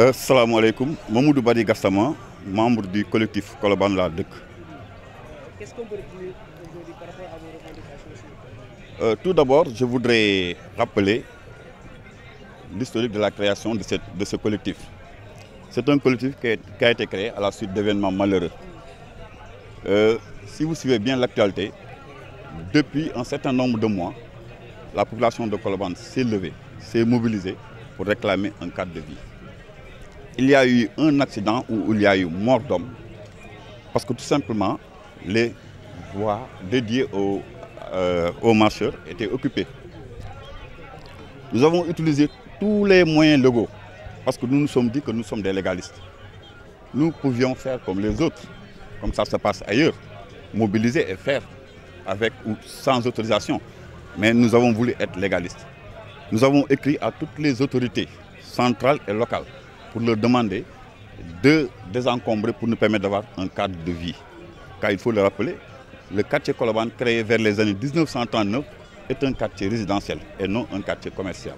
Euh, salaamaaleykum du bari Gassama membre du collectif Colobane laa dëkk. Qu'est-ce qu'on peut dire aujourd'hui par rapport à euh, tout d'abord je voudrais rappeler l'historique de la création de cette de ce collectif. C'est un collectif qui a, qui été créé à la suite d'événements malheureux. Euh, si vous suivez bien l'actualité, depuis un certain nombre de mois, la population de Colobane s'est levée, s'est mobilisée pour réclamer en cadre de vie. il y a eu un accident ou il y a eu mort parce que tout simplement, les voies dédiées aux, euh, aux marcheurs étaient occupées. Nous avons utilisé tous les moyens légaux, parce que nous nous sommes dit que nous sommes des légalistes. Nous pouvions faire comme les autres, comme ça se passe ailleurs, mobiliser et faire avec ou sans autorisation. Mais nous avons voulu être légalistes. Nous avons écrit à toutes les autorités, centrales et locales, pour leur demander de désencombrer pour nous permettre d'avoir un cadre de vie. Car il faut le rappeler, le quartier Coloban créé vers les années 1939 est un quartier résidentiel et non un quartier commercial.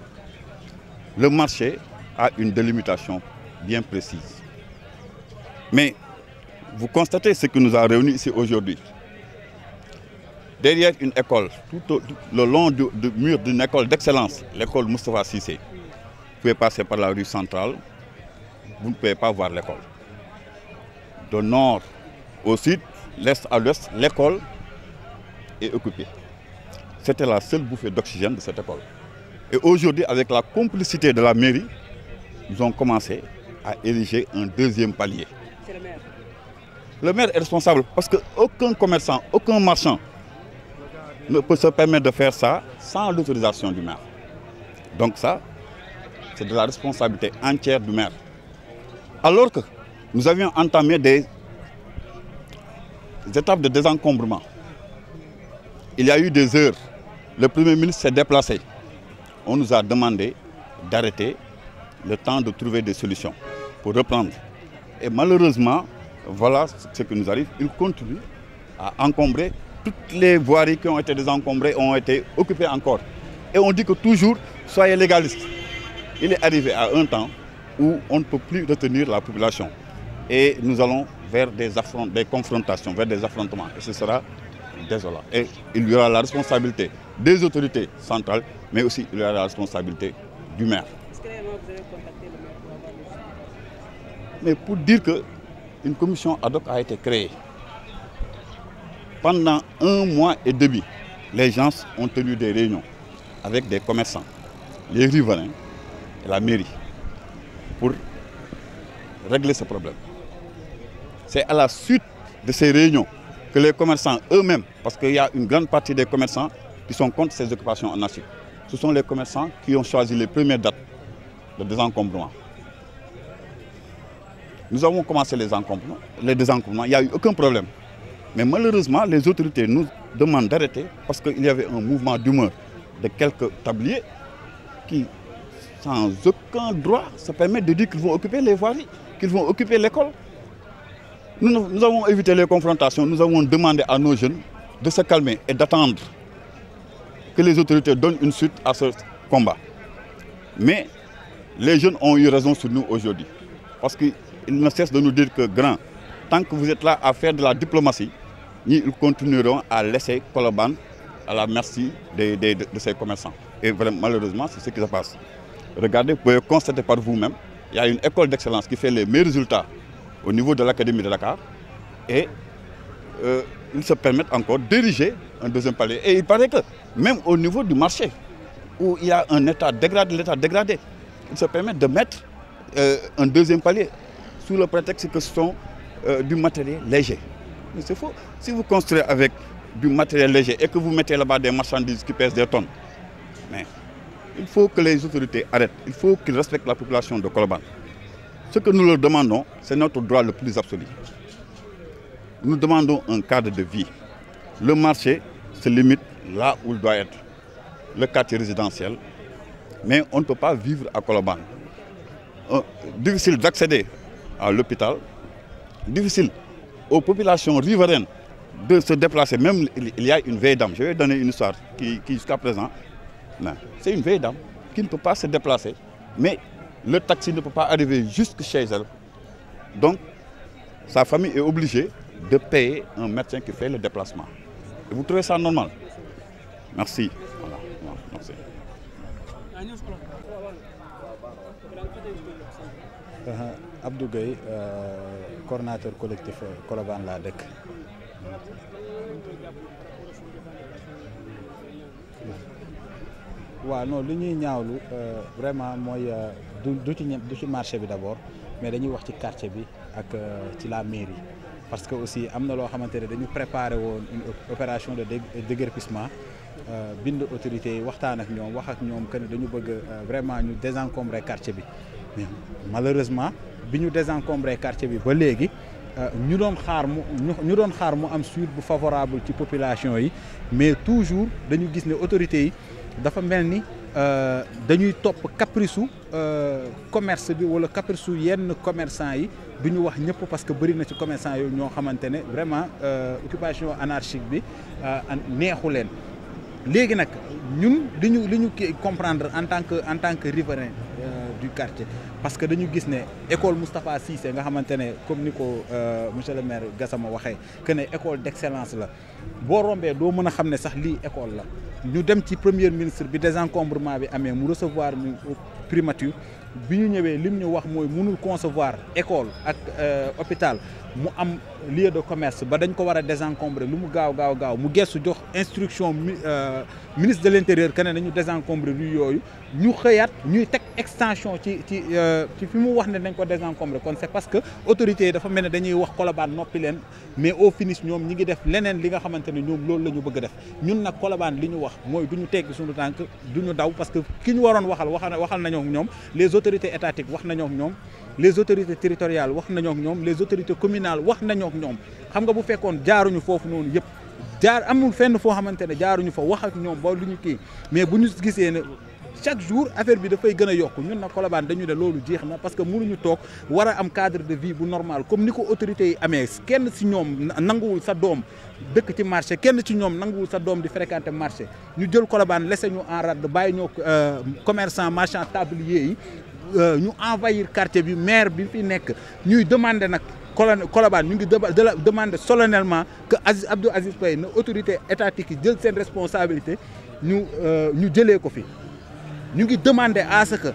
Le marché a une délimitation bien précise. Mais vous constatez ce qui nous a réunis ici aujourd'hui. école, tout, au, le long du, du mur d'une école l'école Moustapha Sissé, vous par la rue centrale, vous ne pouvez pas voir l'école. De nord au sud, l'est à l'ouest, l'école est occupée. C'était la seule bouffée d'oxygène de cette école. Et aujourd'hui, avec la complicité de la mairie, nous avons commencé à ériger un deuxième palier. le maire. Le maire est responsable parce qu'aucun commerçant, aucun marchand ne peut se permettre de faire ça sans l'autorisation du maire. Donc ça, c'est de la responsabilité entière du maire. Alors que nous avions entamé des étapes de désencombrement. Il y a eu des heures. Le Premier ministre s'est déplacé. On nous a demandé d'arrêter le temps de trouver des solutions pour reprendre. Et malheureusement, voilà ce qui nous arrive. Il continue à encombrer. Toutes les voiries qui ont été désencombrées ont été occupées encore. Et on dit que toujours, soyez légalistes. Il est arrivé à un temps où on ne peut plus retenir la population. Et nous allons vers des, affront des confrontations, vers des affrontements. Et ce sera désolant. Et il y aura la responsabilité des autorités centrales, mais aussi il y aura la responsabilité du maire. que vous avez contacté le maire pour avoir Mais pour dire qu'une commission ad hoc a été créée, pendant un mois et demi, les gens ont tenu des réunions avec des commerçants, les riverains et la mairie. pour régler ce problème. C'est à la suite de ces réunions que les commerçants eux-mêmes, parce qu'il y a une grande partie des commerçants qui sont contre ces occupations en Afrique, ce sont les commerçants qui ont choisi les premières dates de désencombrement. Nous avons commencé les, encombrements, les désencombrements, il n'y a eu aucun problème. Mais malheureusement, les autorités nous demandent d'arrêter parce qu'il y avait un mouvement d'humeur de quelques tabliers qui sans aucun droit se permettent de dire qu'ils vont occuper les voiries, qu'ils vont occuper l'école. Nous, avons évité les confrontations, nous avons demandé à nos jeunes de se calmer et d'attendre que les autorités donnent une suite à ce combat. Mais les jeunes ont eu raison sur nous aujourd'hui. Parce qu'ils ne cessent de nous dire que, grand, tant que vous êtes là à faire de la diplomatie, ils continueront à laisser Coloban à la merci de, de, de, de ces commerçants. Et vraiment, malheureusement, c'est ce Regardez, vous pouvez constater par vous-même, il a une école d'excellence qui fait les meilleurs résultats au niveau de l'Académie de Dakar. Et euh, ils se permettent encore de diriger un deuxième palier. Et il paraît que même au niveau du marché, où il y a un état dégradé, l'état dégradé, ils se permettent de mettre euh, un deuxième palier sous le prétexte que ce sont euh, du matériel léger. Mais c'est faux. Si vous construisez avec du matériel léger et que vous mettez là-bas des marchandises qui pèsent des tonnes, il faut que les autorités arrêtent. Il faut qu'ils respectent la population de Colobane. Ce que nous leur demandons, c'est notre droit le plus absolu. Nous demandons un cadre de vie. Le marché se limite là où il doit être, le quartier résidentiel. Mais on ne peut pas vivre à Colobane. Euh, difficile d'accéder à l'hôpital, difficile aux populations riveraines de se déplacer. Même il y a une veille d'âme. Je vais donner une histoire qui jusqu'à présent Non, c'est une vieille dame qui ne peut pas se déplacer. Mais le taxi ne peut pas arriver jusque chez elle. Donc, sa famille est obligée de payer un médecin qui fait le déplacement. Et vous trouvez ça normal Merci. Voilà. Euh, euh, collectif euh, Colobane laa dëkk. waaw non lu ñuy ñaawlu euh, vraiment mooy euh, du du ci marché bi d'abord mais dañuy wax ci quartier bi ak euh, ci la mairie parce que aussi am na loo xamante ne dañu préparer woon une opération de déguerpissement bind autorités yi waxtaan ak ñoom wax ak ñoom que ne dañu bëgg vraiment ñu désencombrer quartier bi malheureusement bi ñu désencombrer quartier bi ba léegi ñu doon xaar mu ñu doon xaar mu am suite bu favorable ci population yi mais toujours dañu gis ne autorités yi dafa mel ni euh, dañuy topp caprice u euh, commerce bi wala caprice u yenn commerçant yi du ñu wax ñëpp parce que bëri na ci commerçant yooyu ñoo xamante ne vraiment euh, occupation anarchique bi neexu leen léegi nag ñun li ñu li ñu comprendre en tant que en tant que riverain du quartier parce que dañu gis ne école Moustapha Cissé nga xamante ne comme ni ko monsieur le maire Gassama waxee que ne école d'excellence la boo rombee doo mën a xam ne sax lii école la ñu dem ci premier ministre bi désencombrement bi amee mu recevoir ñu primature bi ñu ñëwee lim ñu wax mooy mënul concevoir école ak euh, hôpital mu am lieu de commerce ba dañ ko war a désencombrer lu mu gaaw gaaw gaaw mu gestu jox instruction euh, ministre de l' intérieur que ne nañu désencombrer yooyu ñu xëyaat ñuy teg extension ci ci euh, ci fi mu wax ne nañ ko désencombrer kon c' est parce que autorités dafa mel ne dañuy wax Colobane noppi leen mais au finish ñoom ñi ngi def leneen li nga xamante ne ñoom loolu la ñu def ñun nag Colobane li ñu wax mooy du ñu teggi suñu tànk ñu daw parce que ki ñu waroon waxal waxal waxal nañoo ñoom les autorités étatique wax nañoo ak ñoom les autorités territoriales wax nañook ñoom les autorités communales wax nañoo ñoom xam nga bu fekkoon jaaruñu foofu noonu yëpp jaar amul fenn foo xamante ne jaaruñu fa wax ak ñoom ba lu ñu kii mais bu ñu gisee ne chaque jour affaire bi dafay gën a yokk ñun na Colobane dañu ne loolu jeex na parce que mu ñu toog war am cadre de vie bu normal comme ni ko autorités yi amee kenn si ñoom nanguwul sa doom dëkk ci marché kenn ci ñoom nanguwul sa doom di fréquenter marché ñu jël Colobane laissé ñu en rade bàyyi ñoo euh, commerçant marchand tablier yi Euh, ñu envahir quartier bi maire bi fi nekk ñuy demander nag colonel Colobane ñu ngi demander solennellement que Aziz Abdou Aziz Paye na autorité étatique yi jël seen responsabilité ñu euh, ñu jëlee ko fi ñu ngi demande à ce que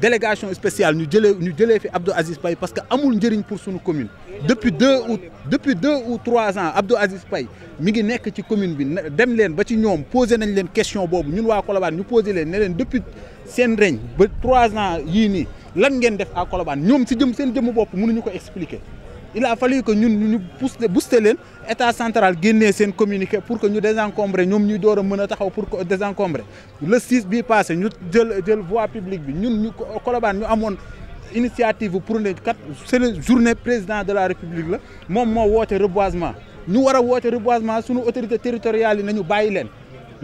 délégation spéciale ñu jëlee ñu jëlee fi Abdou Aziz Paye parce que amul njëriñ pour suñu commune depuis deux ou depuis deux ou trois ans Abdou Aziz pay mu ngi nekk ci commune bi dem leen ba ci ñoom posé nañ leen question boobu ñun waa Colobane ñu posé leen ne leen depuis seen reñ ba trois ans yii nii lan ngeen def à Colobane ñoom si jëm seen jëmm bopp mënuñu ko expliquer il a fallu que ñun ñu booster buste leen état central génne seen communiqué pour que ñu désencombrer ñoom ñu door a mën a taxaw pour que désencombrer le 6 bii passé ñu jël jël voie publique bi ñun ñu Colobane ñu amoon initiative pour ne kat c'est le journée président de la république la moom moo woote reboisement ñu war a woote reboisement sunu autorité territoriale yi nañu bàyyi leen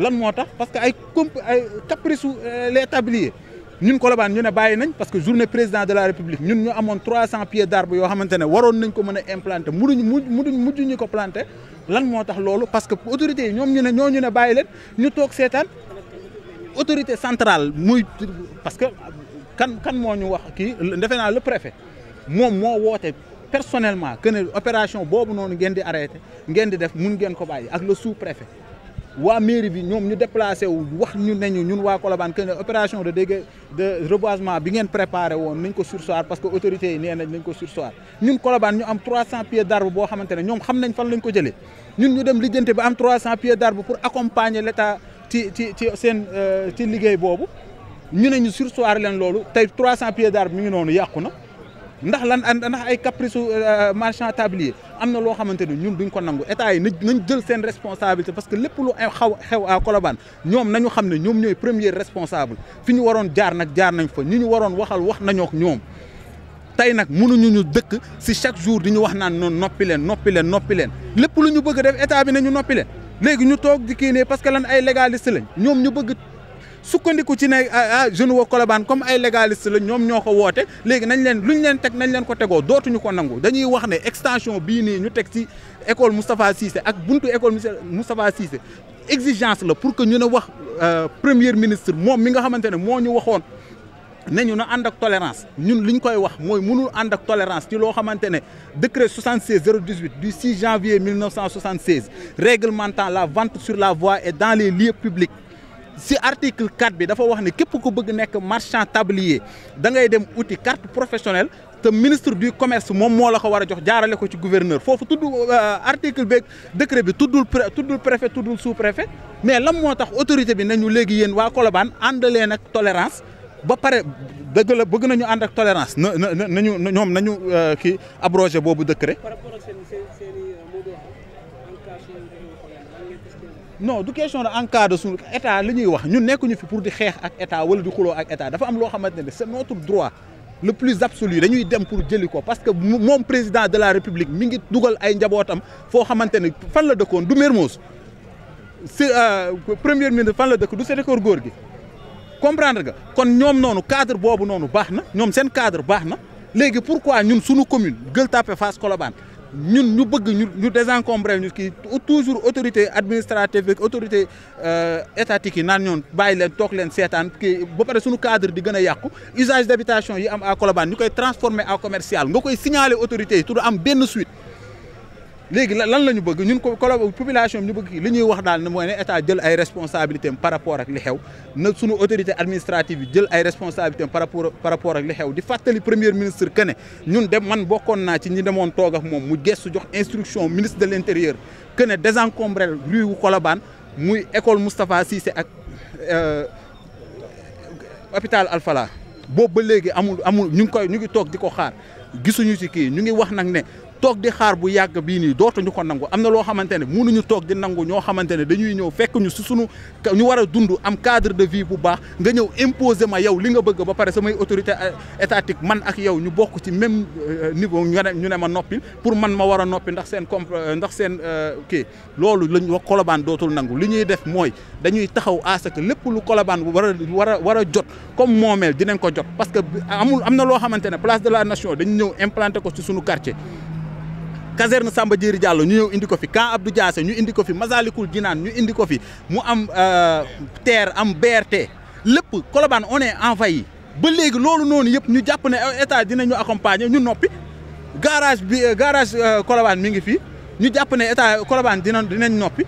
lan moo tax parce que ay comp ay caprice su euh, les tabliers ñun Colobane ñu ne bàyyi nañ parce que journée président de la république ñun ñu amoon 300 pieds d'arbre yoo xamante ne waroon nañ ko mën a implanter munuñ munuñ mujj ñu ko planter lan moo tax loolu parce que autorités yi ñoom ñu ne ñoo ñu ne bàyyi leen ñu toog seetaan autorité centrale muy parce que kan kan moo ñu wax kii defe naa le préfet moom moo woote personnellement que opération boobu noonu ngeen di arrêté ngeen def mun ngeen ko ak le sous-préfet. waa mairie bi ñoom ñu déplacé wu wax ñu ñu ñun waa Colobane que ne opération de dégâts de reboisement bi ngeen préparé woon nañ ko sursoir parce que autorités yi nee nañ nañ ko sursoir ñun Colobane ñu am 300 pieds d'arbre boo xamante ne ñoom xam nañ fan lañ ko jëlee ñun ñu dem lijjante ba am 300 pieds d'arbre pour accompagner l'État ci ci ci seen euh, ci liggéey boobu ñu ne ñu sursoir leen loolu tey 300 pieds d'arbre mi ngi noonu yàqu na. ndax lan ndax ay caprice euh, marchand tablier am na loo xamante ni ñun duñ ko nangu état yi nañ jël seen responsabilité parce que lépp lu xaw xew à Colobane ñoom nañu xam ne ñoom ñooy premier responsable fi ñu waroon jaar nag jaar nañ fa ñi ñu waroon waxal wax nañoo ñoom tey nag mënuñu ñu dëkk si chaque jour di ñu wax naan noonu noppi leen noppi leen noppi leen lu ñu bëgg état bi nañu noppi leen léegi ñu toog di kii parce que lan ay légaliste lañ ñoom ñu bëgg sukkandiku ci ne ah, ah jeune woo Colobane comme ay légaliste la ñoom ñoo ko woote léegi nañ leen ñu leen teg nañ leen ko tegoo dootuñu ko nangu dañuy wax ne extension bii nii ñu teg ci école Moustapha Cissé ak buntu école Moustapha Cissé exigence la pour que ñu ne wax euh, premier ministre moom mi nga xamante ne moo ñu waxoon. ne ñu na and ak tolérance ñun lu ñu koy wax mooy mënul ànd ak tolérance ci loo xamante ne décret 76 018 du 6 janvier 1976 réglementant la vente sur la voie et dans les lieux si article 4 bi dafa wax ne képp ku bëgg nekk marchand tablier dangay dem uti carte professionnelle te ministre du commerce moom moo la ko war a jox jaarale ko ci gouverneur foofu tudd euh, article beeg décret bi tuddul tuddul préfet tuddul sous préfet mais lan moo tax autorité bi nañu léegi yéen waa Colobane ànd leen ak tolérance ba pare dëgg la bëgg nañu ànd ak tolérance na na nañu ñoom nañu euh, kii abrogé boobu décret non du question de en cas de état li ñuy wax ñun nekkuñu fi pour di xeex ak état wala di xuloo ak état dafa am loo xamante ne c'est notre droit le plus absolu dañuy dem pour jëli ko parce que moom président de la république mu ngi dugal ay njabootam foo xamante ne fan la dëkkoon du Mermoz si euh, première ministre fan la dëkk du Sénégal góor gi comprendre nga kon ñoom noonu cadre boobu noonu baax na ñoom seen cadre baax na léegi pourquoi ñun suñu commune Gueule Tapée Fass Colobane ñun ñu bëgg ñu ñu désencombré ñu kii toujours autorité administrative ak autorité euh, étatique yi naan ñoon bàyyi leen toog leen seetaan kii ba pare suñu cadre di gën a yàqu usage d'habitation yi am à Colobane ñu koy transformé en commercial nga koy signalé autorité yi tu am benn suite léegi lan la ñu bëgg ñun ko population bi ñu bëgg kii li ñuy wax daal ne mooy ne état jël ay responsabilités par rapport ak li xew na suñu autorité administrative yi jël ay responsabilités par rapport par rapport ak li xew di fàttali premier ministre que ñun dem man bokkoon naa ci ñu demoon toog ak moom mu gestu jox instruction ministre de l' intérieur que ne désencombré rue wu Colobane muy école Moustapha Cissé ak euh, hôpital Al boobu ba léegi amul amul ñu ngi koy ñu ngi toog di ko xaar gisuñu ci kii ñu ngi wax nag ne. toog di xaar bu yàgg bii nii dootuñu ko nangu am na loo xamante ne mënuñu toog di nangu ñoo xamante ne dañuy ñëw fekk ñu si sunu ñu war a dund am cadre de vie bu baax nga ñëw imposer ma yow li nga bëgg ba pare samay autorité euh, étatique man ak yow ñu bokk ci même euh, niveau ñu ñu ne ma noppi pour man ma war a noppi ndax seen comp euh, ndax seen kii loolu lañ wax kolobaan dootul nangu li ñuy def mooy dañuy taxaw à ce lu kolobaan bu war a war war a jot comme moomeel dinañ ko jot parce que amul am na loo xamante ne place de la nation dañu ñëw implanté ko ci sunu quartier caserne Samba Diéry Diallo ñu ñëw indi ko fi camp Abdou Diassé ñu indi ko fi Masalikul Jinaan ñu indi ko fi mu am euh, terre am BRT lépp Colobane on est ba léegi loolu noonu yëpp ñu jàpp ne état dinañu accompagner ñu noppi garage bi euh, garage euh, Colobane mi ngi fii ñu jàpp ne état Colobane dina dinañ noppi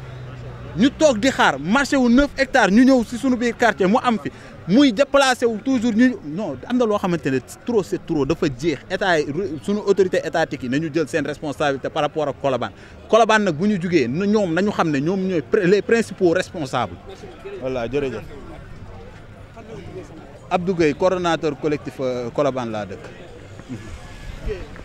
ñu toog di xaar marché wu neuf hectares ñu ñëw si sunu biir quartier mu am fi muy déplacé wu toujours ñu non am na loo xamante ne trop c'est trop dafa jeex état yi suñu autorité étatique yi ñu jël seen responsabilité par rapport ak Colobane kolobaan nag bu ñu jugee ñoom na ñu xam ne ñoom ñooy les principaux responsables. voilà jërëjëf. Abdou Gueye coordonnateur collectif euh, Colobane laa dëkk.